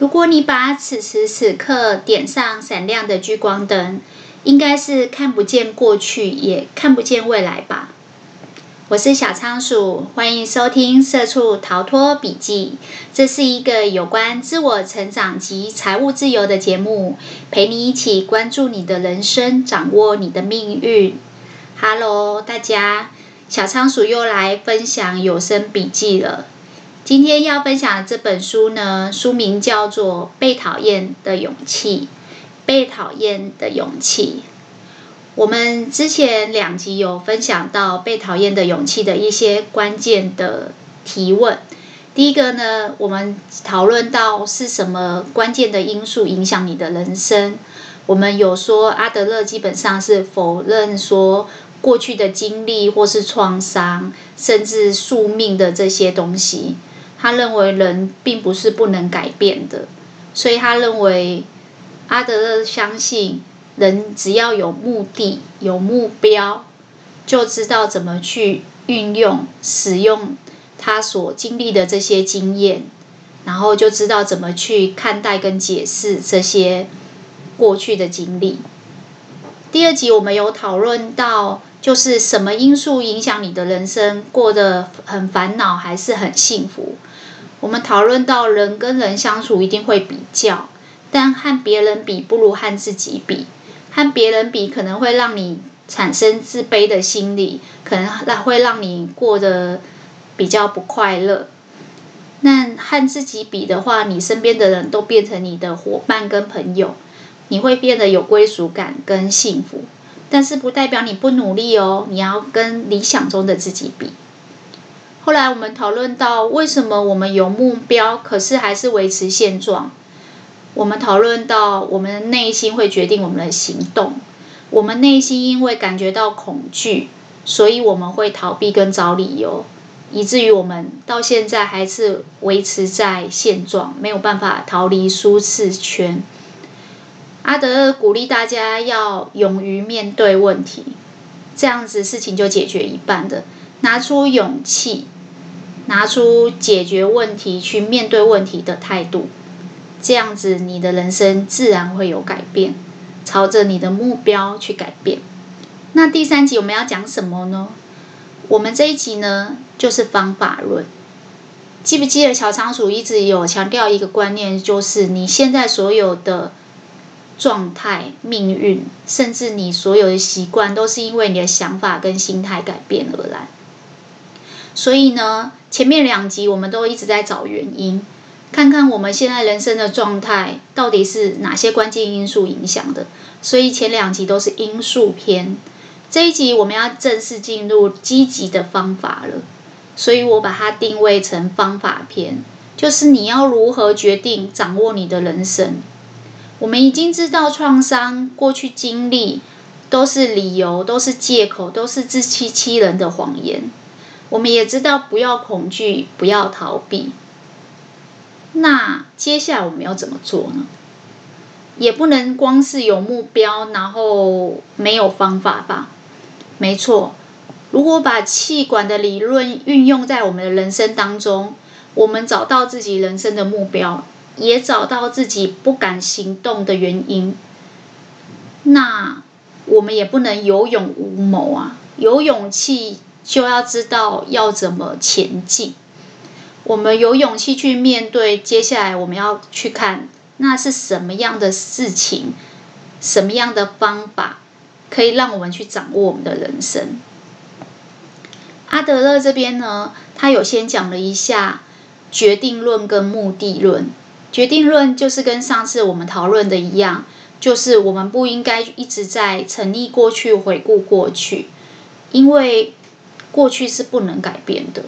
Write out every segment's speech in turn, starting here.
如果你把此時此刻點上閃亮的聚光燈，應該是看不見過去，也看不見未來吧。我是小倉鼠，歡迎收聽《社畜逃脫筆記》，這是一個有關自我成長及財務自由的節目，陪你一起關注你的人生，掌握你的命運。Hello，大家，小倉鼠又來分享有聲筆記了。今天要分享的這本書呢，書名叫做《被討厭的勇氣》。被討厭的勇氣，我們之前兩集有分享到被討厭的勇氣的一些關鍵的提問。第一個呢，我們討論到是什麼關鍵的因素影響你的人生。我們有說阿德勒基本上是否認說過去的經歷或是創傷，甚至宿命的這些東西。他認為人並不是不能改變的，所以他認為阿德勒相信人只要有目的、有目標，就知道怎麼去運用、使用他所經歷的這些經驗，然後就知道怎麼去看待跟解釋這些過去的經歷。第二集我們有討論到，就是什麼因素影響你的人生過得很煩惱，還是很幸福？我們討論到人跟人相處一定會比較，但和別人比不如和自己比，和別人比可能會讓你產生自卑的心理，可能會讓你過得比較不快樂。那和自己比的話，你身邊的人都變成你的夥伴跟朋友，你會變得有歸屬感跟幸福。但是不代表你不努力哦，你要跟理想中的自己比。後來我們討論到為什麼我們有目標，可是還是維持現狀？我們討論到我們的內心會決定我們的行動，我們內心因為感覺到恐懼，所以我們會逃避跟找理由，以至於我們到現在還是維持在現狀，沒有辦法逃離舒適圈。阿德勒鼓勵大家要勇於面對問題，這樣子事情就解決一半的。拿出勇氣，拿出解決問題去面對問題的態度，這樣子你的人生自然會有改變，朝着你的目標去改變。那第三集我們要講什麼呢？我們這一集呢，就是方法論。記不記得小倉鼠一直有強調一個觀念，就是你現在所有的狀態、命運，甚至你所有的習慣，都是因為你的想法跟心態改變而來。所以呢，前面兩集我們都一直在找原因，看看我們現在人生的狀態到底是哪些關鍵因素影響的。所以前兩集都是因素篇，這一集我們要正式進入積極的方法了。所以我把它定位成方法篇，就是你要如何決定掌握你的人生。我們已經知道創傷、過去經歷都是理由，都是借口，都是自欺欺人的謊言。我們也知道不要恐懼，不要逃避。那接下來我們要怎麼做呢？也不能光是有目標，然後沒有方法吧？沒錯，如果把氣管的理論運用在我們的人生當中，我們找到自己人生的目標，也找到自己不敢行動的原因，那我們也不能有勇無謀啊！有勇氣。就要知道要怎麼前進，我們有勇氣去面對。接下來我們要去看那是什麼樣的事情，什麼樣的方法可以讓我們去掌握我們的人生。阿德勒這邊呢，他有先講了一下決定論跟目的論。決定論就是跟上次我們討論的一樣，就是我們不應該一直在沉溺過去、回顧過去，因為，過去是不能改變的，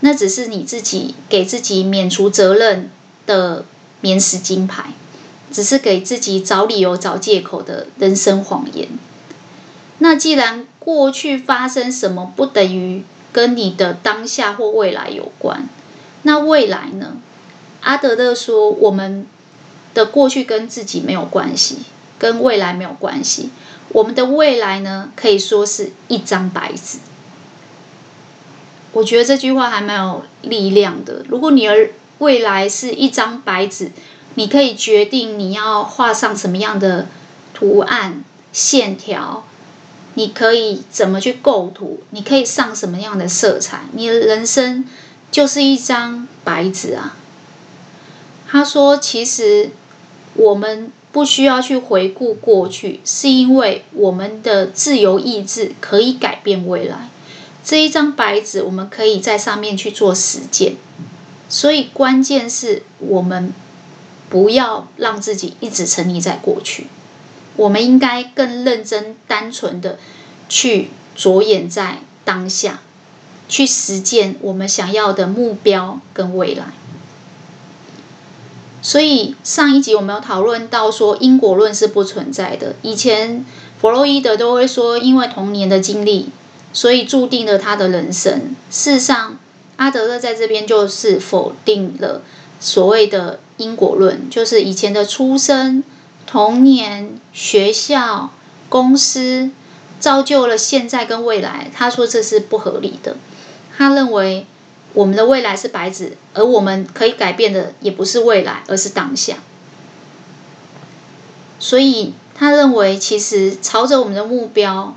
那只是你自己給自己免除責任的免死金牌，只是給自己找理由、找借口的人生謊言。那既然過去發生什麼不等於跟你的當下或未來有關，那未來呢？阿德勒說，我們的過去跟自己沒有關係，跟未來沒有關係。我們的未來呢，可以說是一張白紙。我覺得這句話還蠻有力量的。如果你的未來是一張白紙，你可以決定你要畫上什麼樣的圖案、線條，你可以怎麼去構圖，你可以上什麼樣的色彩。你的人生就是一張白紙啊。他說：“其實我們不需要去回顧過去，是因為我們的自由意志可以改變未來。”這一張白紙，我們可以在上面去做實踐。所以，關鍵是我們不要讓自己一直沉溺在過去。我們應該更認真、單純的去着眼在當下，去實踐我們想要的目標跟未來。所以上一集我們有討論到說，因果論是不存在的。以前弗洛伊德都會說，因為童年的經歷。所以註定了他的人生。事實上，阿德勒在這邊就是否定了所謂的因果論，就是以前的出生、童年、學校、公司，造就了現在跟未來。他說這是不合理的。他認為我們的未來是白紙，而我們可以改變的也不是未來，而是當下。所以他認為，其實朝着我們的目標。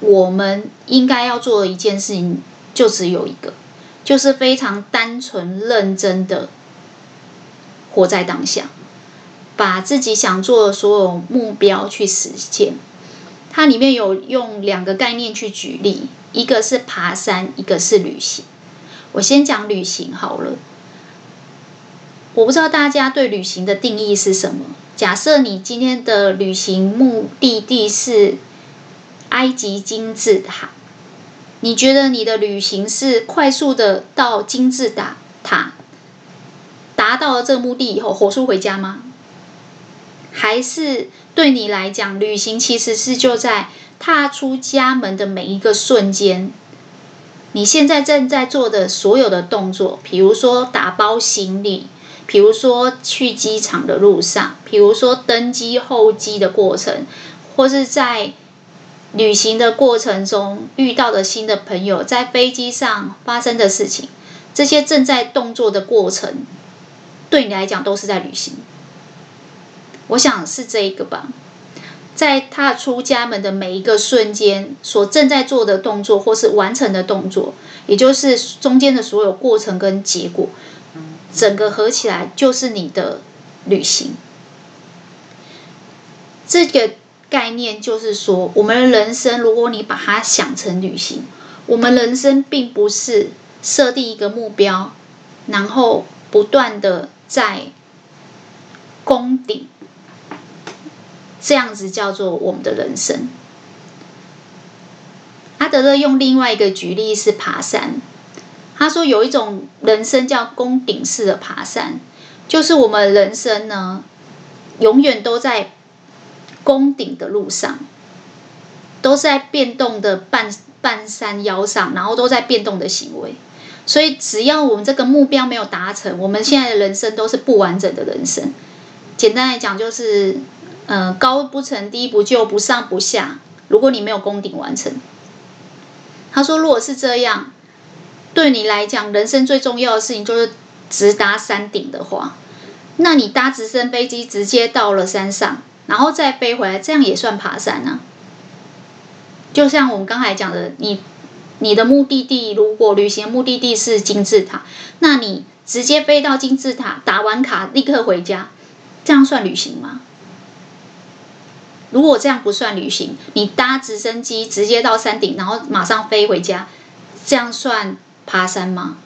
我們應該要做的一件事情，就只有一個，就是非常單純、認真的活在當下，把自己想做的所有目標去實現。它裡面有用兩個概念去舉例，一個是爬山，一個是旅行。我先講旅行好了。我不知道大家對旅行的定義是什麼？假設你今天的旅行目的地是。埃及金字塔，你覺得你的旅行是快速的到金字塔塔，達到了這個目的以後火速回家嗎？還是對你來講，旅行其實是就在踏出家門的每一個瞬間，你現在正在做的所有的動作，比如說打包行李，比如說去機場的路上，比如說登機候機的過程，或是在。旅行的過程中遇到的新的朋友，在飛機上發生的事情，這些正在動作的過程，對你來講都是在旅行。我想是這一個吧，在踏出家門的每一個瞬間，所正在做的動作或是完成的動作，也就是中間的所有過程跟結果，整個合起來就是你的旅行。這個。概念就是說，我們的人生，如果你把它想成旅行，我們人生並不是設定一個目標，然後不斷的在攻頂,這樣子叫做我們的人生。阿德勒用另外一個舉例是爬山，他說有一種人生叫攻頂式的爬山，就是我們人生呢，永遠都在。攻頂的路上，都是在變動的半半山腰上，然後都在變動的行為。所以，只要我們這個目標沒有達成，我們現在的人生都是不完整的人生。簡單來講，就是，呃，高不成，低不就，不上不下。如果你沒有攻頂完成，他說，如果是這樣，對你來講，人生最重要的事情就是直達山頂的話，那你搭直升飛機直接到了山上。然後再飛回來，這樣也算爬山呢、啊？就像我們剛才講的，你你的目的地，如果旅行的目的地是金字塔，那你直接飛到金字塔，打完卡立刻回家，這樣算旅行嗎？如果這樣不算旅行，你搭直升機直接到山頂，然後馬上飛回家，這樣算爬山嗎？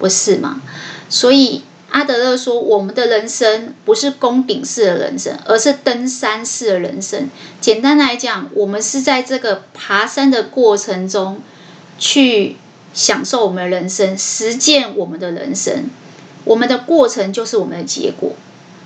不是嗎？所以。阿德勒說：“我們的人生不是攻頂式的人生，而是登山式的人生。簡單來講，我們是在這個爬山的過程中，去享受我們的人生，實踐我們的人生。我們的過程就是我們的結果。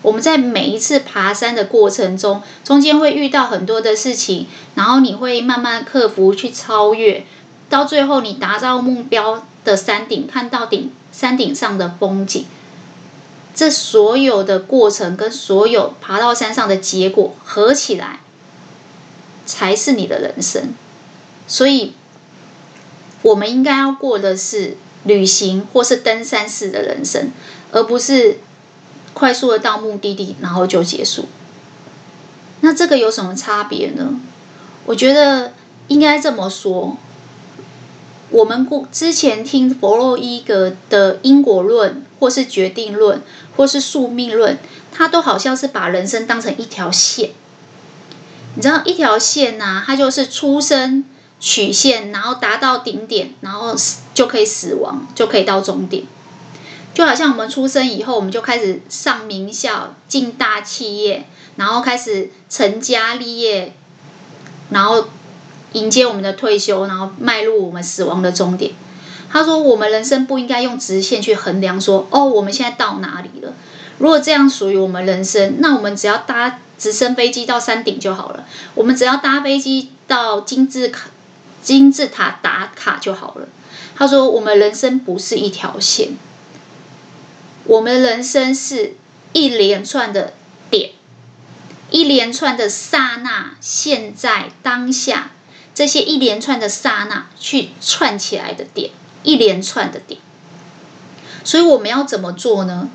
我們在每一次爬山的過程中，中間會遇到很多的事情，然後你會慢慢克服，去超越，到最後你達到目標的山頂，看到頂山頂上的風景。”這所有的過程跟所有爬到山上的結果合起來，才是你的人生。所以，我們應該要過的是旅行或是登山式的人生，而不是快速的到目的地然後就結束。那這個有什麼差別呢？我覺得應該這麼說，我們之前聽佛洛伊德的因果論。或是決定論，或是宿命論，它都好像是把人生當成一條線。你知道，一條線吶、啊，它就是出生曲線，然後達到頂點，然後就可以死亡，就可以到終點。就好像我們出生以後，我們就開始上名校、進大企業，然後開始成家立業，然後迎接我們的退休，然後邁入我們死亡的終點。他說：“我們人生不應該用直線去衡量說，說哦，我們現在到哪裡了？如果這樣屬於我們人生，那我們只要搭直升飛機到山頂就好了。我們只要搭飛機到金字塔，金字塔打卡就好了。”他說：“我們人生不是一條線，我們人生是一連串的點，一連串的剎那，現在當下，這些一連串的剎那去串起來的點。”一連串的點，所以我們要怎麼做呢？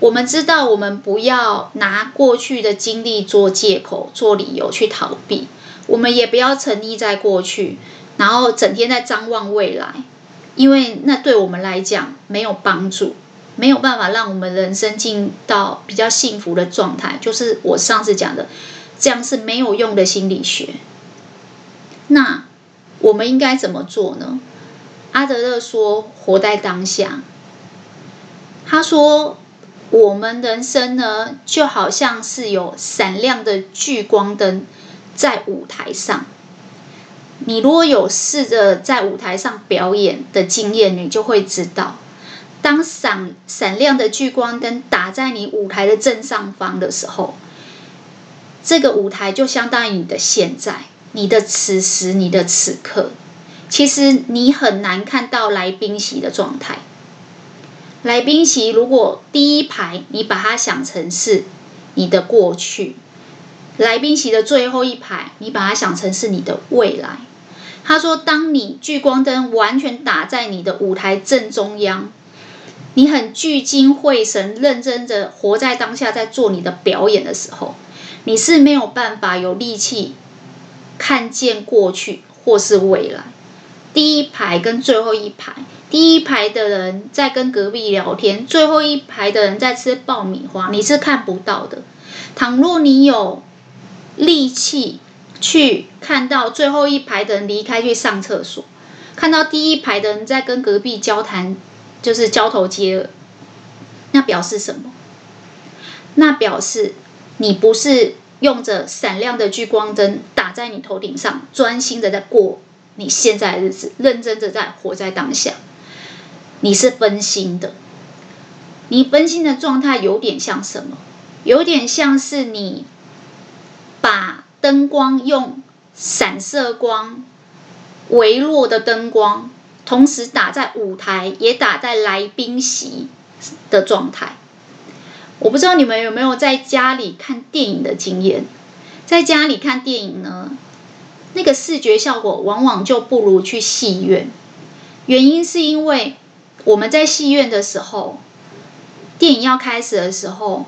我們知道，我們不要拿過去的經歷做借口、做理由去逃避，我們也不要沉溺在過去，然後整天在張望未來，因為那對我們來講沒有幫助，沒有辦法讓我們人生進到比較幸福的狀態。就是我上次講的，這樣是沒有用的心理學。那我們應該怎麼做呢？阿德勒說：“活在當下。”他說：“我們人生呢，就好像是有閃亮的聚光燈在舞台上。你如果有試着在舞台上表演的經驗，你就會知道，當閃閃亮的聚光燈打在你舞台的正上方的時候，這個舞台就相當於你的現在、你的此時、你的此刻。”其實你很難看到來賓席的狀態。來賓席如果第一排你把它想成是你的過去，來賓席的最後一排你把它想成是你的未來。他說，當你聚光燈完全打在你的舞台正中央，你很聚精會神、認真的活在當下，在做你的表演的時候，你是沒有辦法有力氣看見過去或是未來。第一排跟最後一排，第一排的人在跟隔壁聊天，最後一排的人在吃爆米花，你是看不到的。倘若你有力氣去看到最後一排的人離開去上廁所，看到第一排的人在跟隔壁交談，就是交頭接耳，那表示什麼？那表示你不是用着閃亮的聚光燈打在你頭頂上，專心的在過。你現在的日子，認真的在活在當下。你是分心的，你分心的狀態有點像什麼？有點像是你把燈光用散射光、微弱的燈光，同時打在舞台，也打在來賓席的狀態。我不知道你們有沒有在家裡看電影的經驗？在家裡看電影呢，那個視覺效果往往就不如去戲院，原因是因為我們在戲院的時候，電影要開始的時候，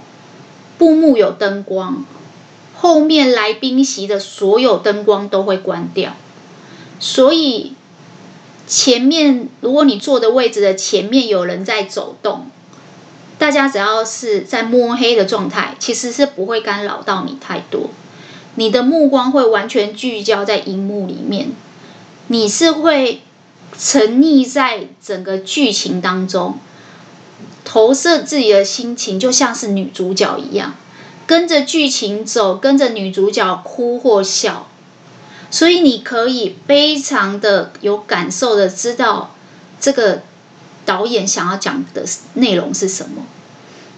布幕有燈光，後面來賓席的所有燈光都會關掉，所以前面如果你坐的位置的前面有人在走動，大家只要是在摸黑的狀態，其實是不會干擾到你太多。你的目光會完全聚焦在熒幕裡面，你是會沉溺在整個劇情當中，投射自己的心情，就像是女主角一樣，跟着劇情走，跟着女主角哭或笑，所以你可以非常的有感受的知道這個導演想要講的內容是什麼。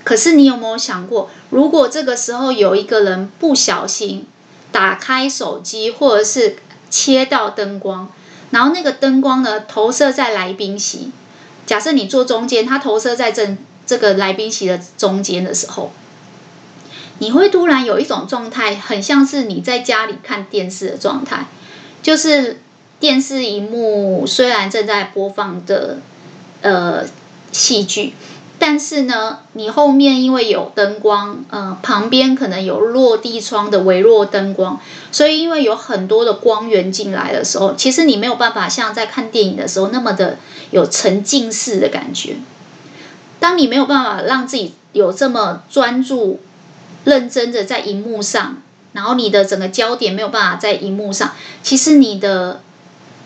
可是你有沒有想過，如果這個時候有一個人不小心打開手機，或者是切到燈光，然後那個燈光呢，投射在來賓席。假設你坐中間，它投射在正這個來賓席的中間的時候，你會突然有一種狀態，很像是你在家裡看電視的狀態，就是電視熒幕雖然正在播放的呃戲劇。戲劇但是呢，你後面因為有燈光，呃，旁邊可能有落地窗的微弱燈光，所以因為有很多的光源進來的時候，其實你沒有辦法像在看電影的時候那麼的有沉浸式的感覺。當你沒有辦法讓自己有這麼專注、認真的在熒幕上，然後你的整個焦點沒有辦法在熒幕上，其實你的。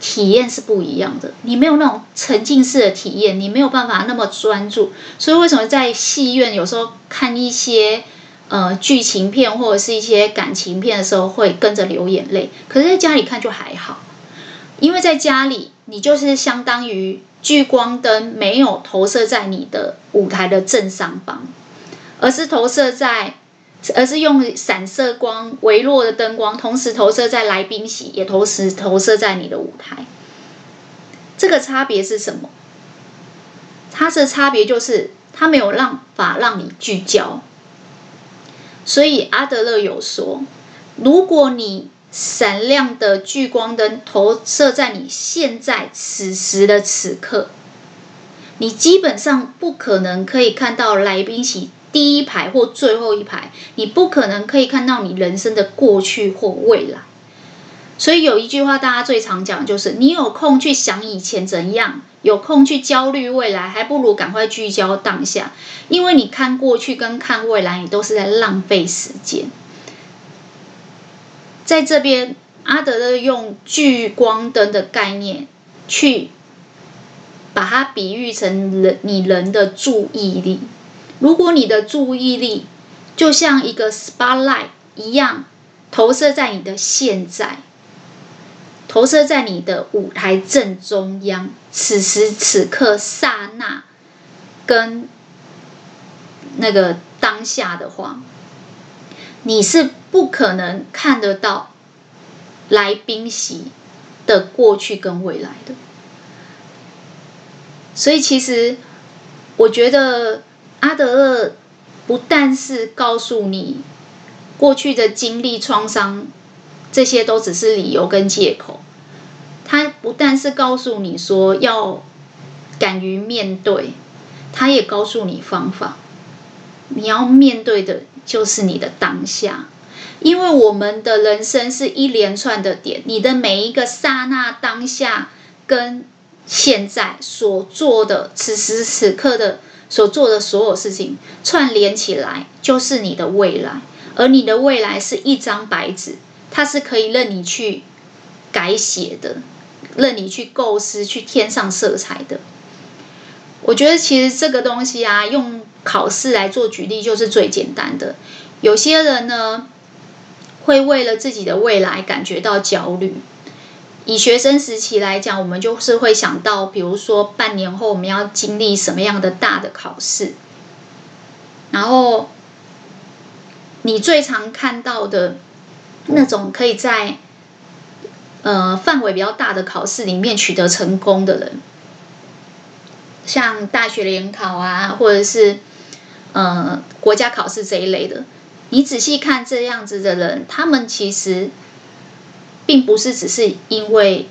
體驗是不一樣的，你沒有那種沉浸式的體驗，你沒有辦法那麼專注。所以為什麼在戲院有時候看一些呃劇情片或者是一些感情片的時候會跟着流眼淚，可是在家裡看就還好，因為在家裡你就是相當於聚光燈沒有投射在你的舞台的正上方，而是投射在。而是用散射光，微弱的燈光，同時投射在來賓席，也同時投射在你的舞台。這個差別是什麼？它的差別就是它沒有讓法讓你聚焦。所以阿德勒有說，如果你閃亮的聚光燈投射在你現在此時的此刻，你基本上不可能可以看到來賓席，第一排或最後一排，你不可能可以看到你人生的過去或未來。所以有一句話大家最常講，就是你有空去想以前怎樣，有空去焦慮未來，還不如趕快聚焦當下，因為你看過去跟看未來，你都是在浪費時間。在這邊，阿德勒用聚光燈的概念，去把它比喻成人你人的注意力。如果你的注意力就像一個 spotlight 一樣投射在你的現在，投射在你的舞台正中央，此時此刻剎那跟那個當下的話，你是不可能看得到來賓席的過去跟未來的。所以，其實我覺得。阿德勒不但是告訴你過去的經歷創傷，這些都只是理由跟借口。他不但是告訴你說要敢於面對，他也告訴你方法。你要面對的就是你的當下，因為我們的人生是一連串的點，你的每一個剎那當下跟現在所做的，此時此刻的。所做的所有事情串聯起來，就是你的未來。而你的未來是一張白紙，它是可以任你去改寫的，任你去構思、去添上色彩的。我覺得其實這個東西啊，用考試來做舉例就是最簡單的。有些人呢，會為了自己的未來感覺到焦慮。以學生時期來講，我們就是會想到，比如說半年後我們要經歷什麼樣的大的考試。然後，你最常看到的，那種可以在，呃，範圍比較大的考試裡面取得成功的人，像大學聯考啊，或者是，呃，國家考試這一類的。你仔細看這樣子的人，他們其實，並不是只是因為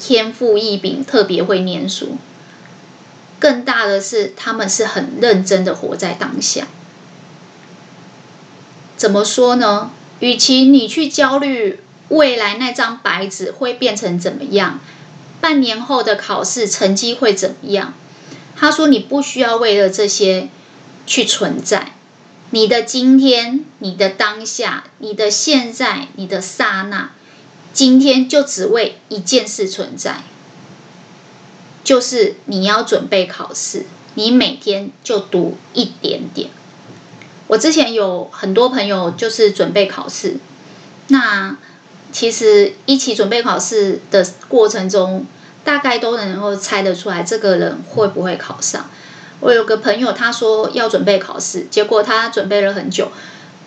天賦異稟，特別會念書，更大的是他們是很認真的活在當下。怎麼說呢？與其你去焦慮未來那張白紙會變成怎麼樣，半年後的考試成績會怎麼樣，他說你不需要為了這些去存在。你的今天，你的當下，你的現在，你的剎那。今天就只為一件事存在，就是你要準備考試，你每天就讀一點點。我之前有很多朋友就是準備考試，那其實一起準備考試的過程中，大概都能夠猜得出來這個人會不會考上。我有個朋友他說要準備考試，結果他準備了很久，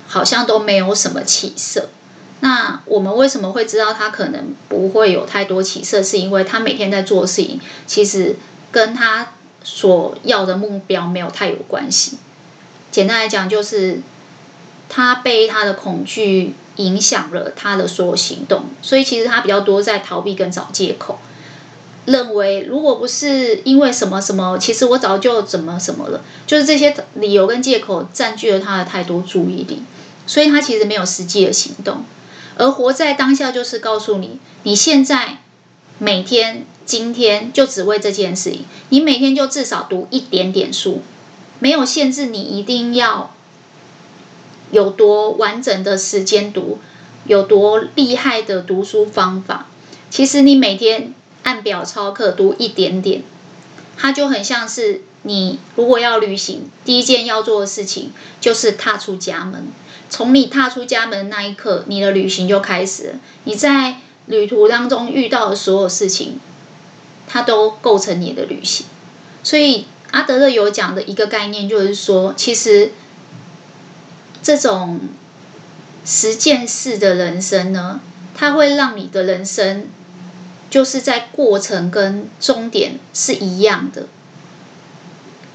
好像都沒有什麼起色。那我們為什麼會知道他可能不會有太多起色？是因為他每天在做的事情，其實跟他所要的目標沒有太有關係。簡單來講，就是他被他的恐懼影響了他的所有行動，所以其實他比較多在逃避跟找借口，認為如果不是因為什麼什麼，其實我早就怎麼什麼了。就是這些理由跟借口占據了他的太多注意力，所以他其實沒有實際的行動。而活在當下，就是告訴你，你現在每天、今天就只為這件事情。你每天就至少讀一點點書，沒有限制你一定要有多完整的時間讀，有多厲害的讀書方法。其實你每天按表操課讀一點點，它就很像是你如果要旅行，第一件要做的事情就是踏出家門。從你踏出家門那一刻，你的旅行就開始了。你在旅途當中遇到的所有事情，它都構成你的旅行。所以阿德勒有講的一個概念，就是說，其實這種實踐式的人生呢，它會讓你的人生就是在過程跟終點是一樣的。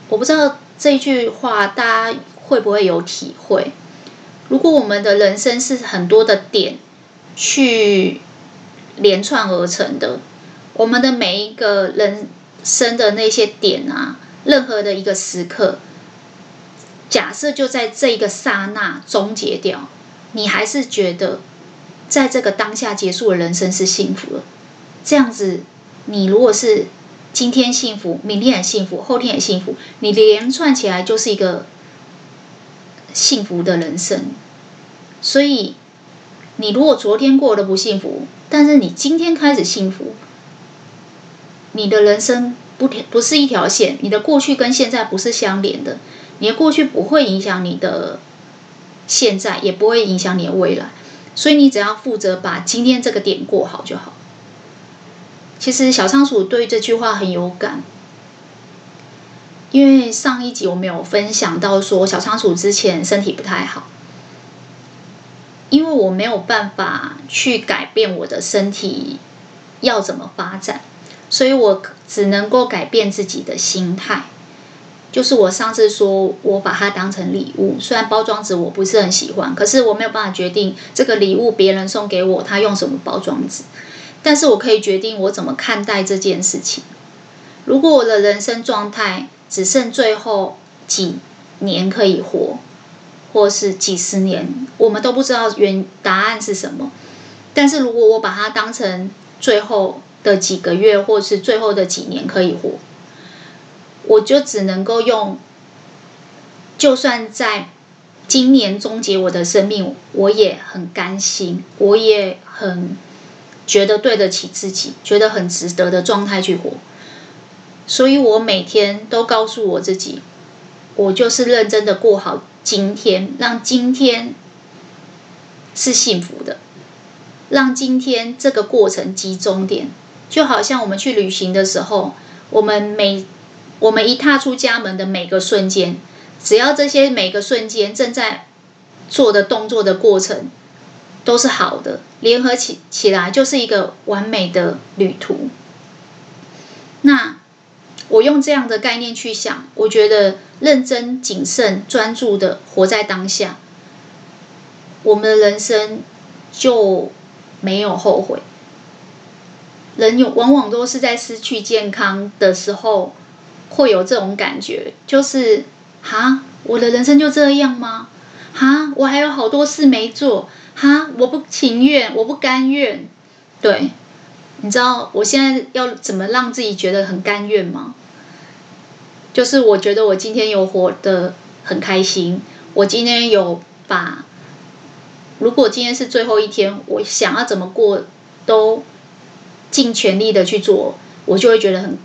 我不知道這句話大家會不會有體會。如果我們的人生是很多的點去連串而成的，我們的每一個人生的那些點啊，任何的一個時刻，假設就在這一個剎那終結掉，你還是覺得在這個當下結束的人生是幸福的，這樣子，你如果是今天幸福，明天也幸福，後天也幸福，你連串起來就是一個幸福的人生，所以你如果昨天過得不幸福，但是你今天開始幸福，你的人生不，不是一條線，你的過去跟現在不是相連的，你的過去不會影響你的現在，也不會影響你的未來，所以你只要負責把今天這個點過好就好。其實小倉鼠對這句話很有感。因為上一集我沒有分享到說，小倉鼠之前身體不太好，因為我沒有辦法去改變我的身體要怎麼發展，所以我只能夠改變自己的心態。就是我上次說，我把它當成禮物，雖然包裝紙我不是很喜歡，可是我沒有辦法決定這個禮物別人送給我他用什麼包裝紙，但是我可以決定我怎麼看待這件事情。如果我的人生狀態。只剩最後幾年可以活，或是幾十年，我們都不知道原答案是什麼。但是如果我把它當成最後的幾個月，或是最後的幾年可以活，我就只能夠用，就算在今年終結我的生命，我也很甘心，我也很覺得對得起自己，覺得很值得的狀態去活。所以，我每天都告訴我自己，我就是認真的過好今天，讓今天是幸福的，讓今天這個過程集中點，就好像我們去旅行的時候，我們每我們一踏出家門的每個瞬間，只要這些每個瞬間正在做的動作的過程都是好的，聯合起起來就是一個完美的旅途。那。我用這樣的概念去想，我覺得認真、謹慎、專注地活在當下，我們的人生就沒有後悔。人有往往都是在失去健康的時候，會有這種感覺，就是哈，我的人生就這樣嗎？哈，我還有好多事沒做，哈，我不情願，我不甘願。對，你知道我現在要怎麼讓自己覺得很甘願嗎？就是我覺得我今天有活得很開心，我今天有把，如果今天是最後一天，我想要怎麼過都盡全力的去做，我就會覺得很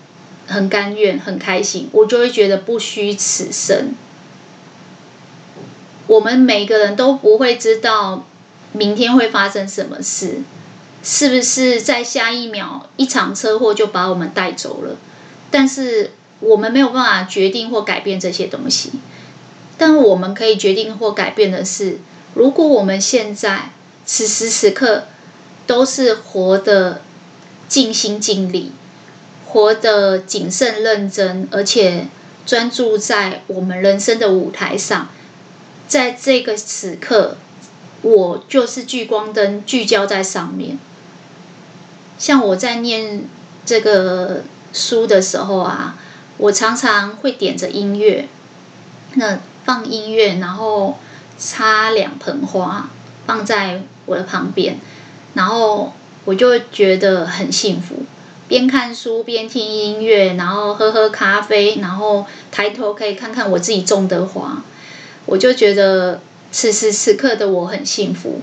很甘願，很開心，我就會覺得不虛此生。我們每個人都不會知道明天會發生什麼事，是不是在下一秒一場車禍就把我們帶走了？但是。我們沒有辦法決定或改變這些東西，但我們可以決定或改變的是，如果我們現在此時此刻都是活得盡心盡力，活得謹慎認真，而且專注在我們人生的舞臺上，在這個此刻，我就是聚光燈聚焦在上面。像我在念這個書的時候啊。我常常會點着音樂，那放音樂，然後插兩盆花放在我的旁邊，然後我就覺得很幸福。邊看書邊聽音樂，然後喝喝咖啡，然後抬頭可以看看我自己種的花，我就覺得此時此刻的我很幸福。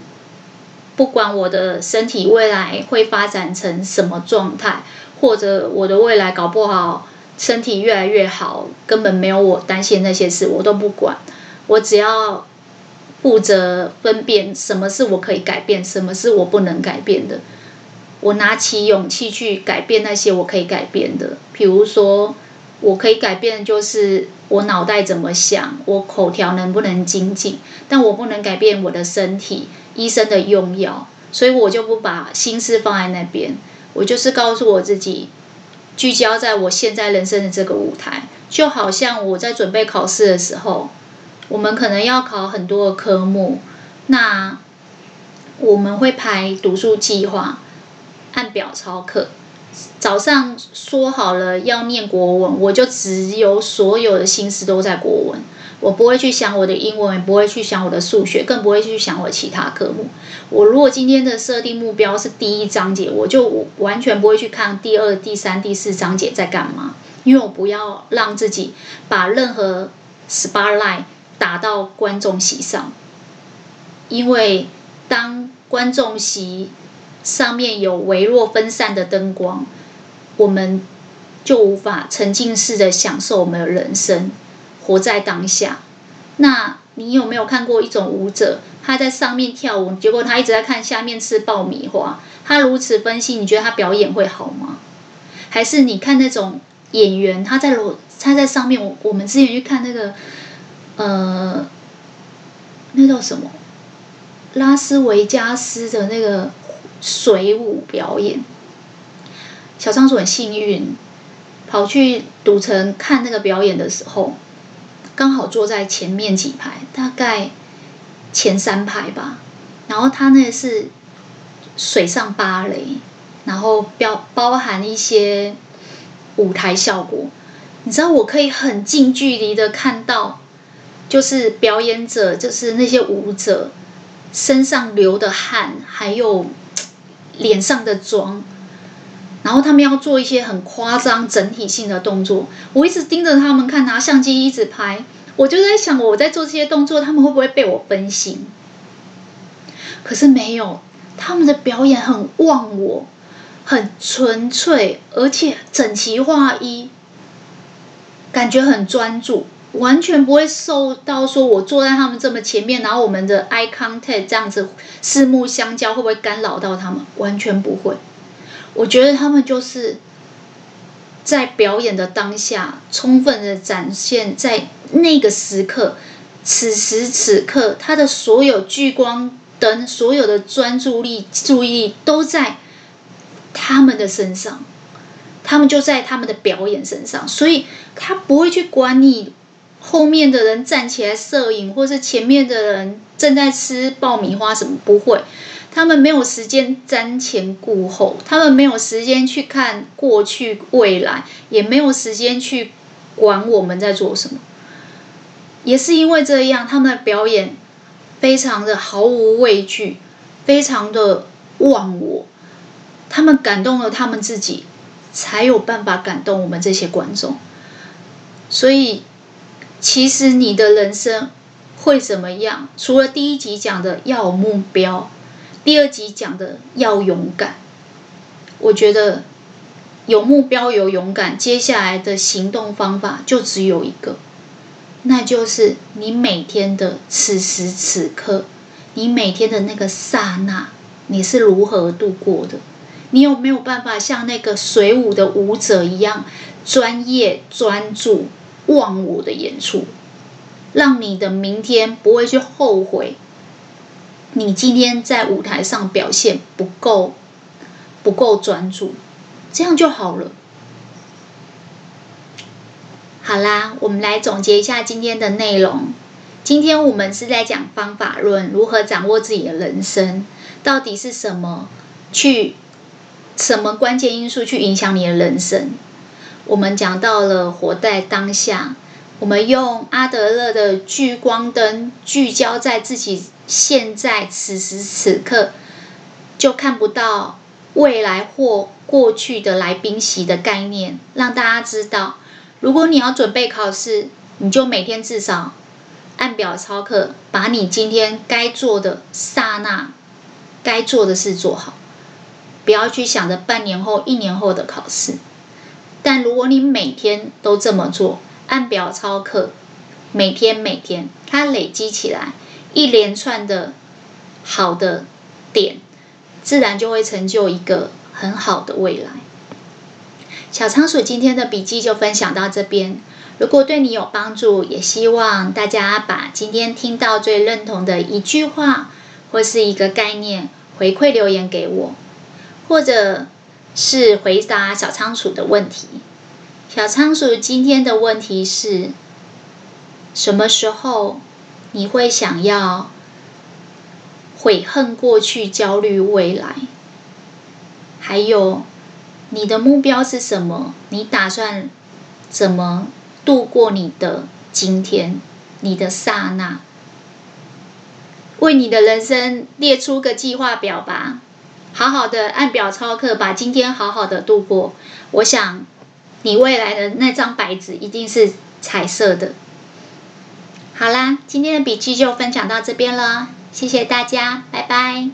不管我的身體未來會發展成什麼狀態，或者我的未來搞不好。身體越來越好，根本沒有我擔心那些事，我都不管。我只要負責分辨什麼是我可以改變，什麼是我不能改變的。我拿起勇氣去改變那些我可以改變的，比如說，我可以改變的就是我腦袋怎麼想，我口條能不能精進。但我不能改變我的身體，醫生的用藥，所以我就不把心思放在那邊。我就是告訴我自己。聚焦在我現在人生的這個舞台，就好像我在準備考試的時候，我們可能要考很多的科目，那我們會排讀書計劃，按表操課，早上說好了要念國文，我就只有所有的心思都在國文。我不會去想我的英文，也不會去想我的數學，更不會去想我其他科目。我如果今天的設定目標是第一章節，我就完全不會去看第二、第三、第四章節在幹嘛，因為我不要讓自己把任何 spotlight 打到觀眾席上。因為當觀眾席上面有微弱分散的燈光，我們就無法沉浸式的享受我們的人生。活在當下。那你有沒有看過一種舞者，他在上面跳舞，結果他一直在看下面吃爆米花，他如此分析，你覺得他表演會好嗎？還是你看那種演員，他在羅，他在上面，我我們之前去看那個，呃，那叫什麼？拉斯維加斯的那個水舞表演。小倉鼠很幸運，跑去賭城看那個表演的時候。剛好坐在前面幾排，大概前三排吧。然後他那是水上芭蕾，然後包含一些舞台效果。你知道，我可以很近距離的看到，就是表演者，就是那些舞者身上流的汗，還有臉上的妝。然後他們要做一些很誇張、整體性的動作，我一直盯着他們看，拿相機一直拍。我就在想，我在做這些動作，他們會不會被我分心？可是沒有，他們的表演很忘我，很純粹，而且整齊劃一，感覺很專注，完全不會受到說，我坐在他們這麼前面，然後我們的 eye contact 這樣子四目相交，會不會干擾到他們？完全不會。我覺得他們就是在表演的當下，充分的展現在那個時刻，此時此刻，他的所有聚光燈、所有的專注力、注意力都在他們的身上，他們就在他們的表演身上，所以他不會去管你後面的人站起來攝影，或是前面的人正在吃爆米花什麼，不會。他們沒有時間瞻前顧後，他們沒有時間去看過去未來，也沒有時間去管我們在做什麼。也是因為這樣，他們的表演非常的毫無畏懼，非常的忘我。他們感動了他們自己，才有辦法感動我們這些觀眾。所以，其實你的人生會怎麼樣？除了第一集講的要有目標。第二集講的要勇敢，我覺得有目標有勇敢，接下來的行動方法就只有一個，那就是你每天的此時此刻，你每天的那個剎那，你是如何度過的？你有沒有辦法像那個水舞的舞者一樣，專業專注忘我的演出，讓你的明天不會去後悔？你今天在舞台上表現不夠，不夠專注，這樣就好了。好啦，我們來總結一下今天的內容。今天我們是在講方法論，如何掌握自己的人生，到底是什麼去什麼關鍵因素去影響你的人生？我們講到了活在當下，我們用阿德勒的聚光燈聚焦在自己。現在此時此刻，就看不到未來或過去的來賓席的概念，讓大家知道，如果你要準備考試，你就每天至少按表操課，把你今天該做的剎那該做的事做好，不要去想着半年後、一年後的考試。但如果你每天都這麼做，按表操課，每天每天，它累積起來。一連串的好的點，自然就會成就一個很好的未來。小倉鼠今天的筆記就分享到這邊。如果對你有幫助，也希望大家把今天聽到最認同的一句話或是一個概念回饋留言給我，或者是回答小倉鼠的問題。小倉鼠今天的問題是：什麼時候？你會想要悔恨過去、焦慮未來，還有你的目標是什麼？你打算怎麼度過你的今天、你的剎那？為你的人生列出個計劃表吧，好好的按表操課，把今天好好的度過。我想你未來的那張白紙一定是彩色的。好啦，今天的筆記就分享到這邊了，謝謝大家，拜拜。